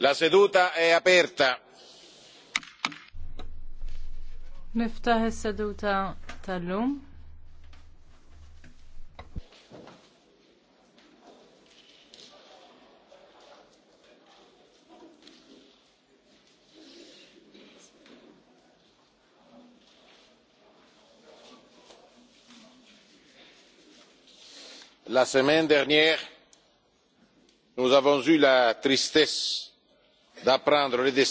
La seduta è aperta. Niftaħ is-seduta tal-lum. La semaine dernière, nous avons eu la tristesse da prendere le decisioni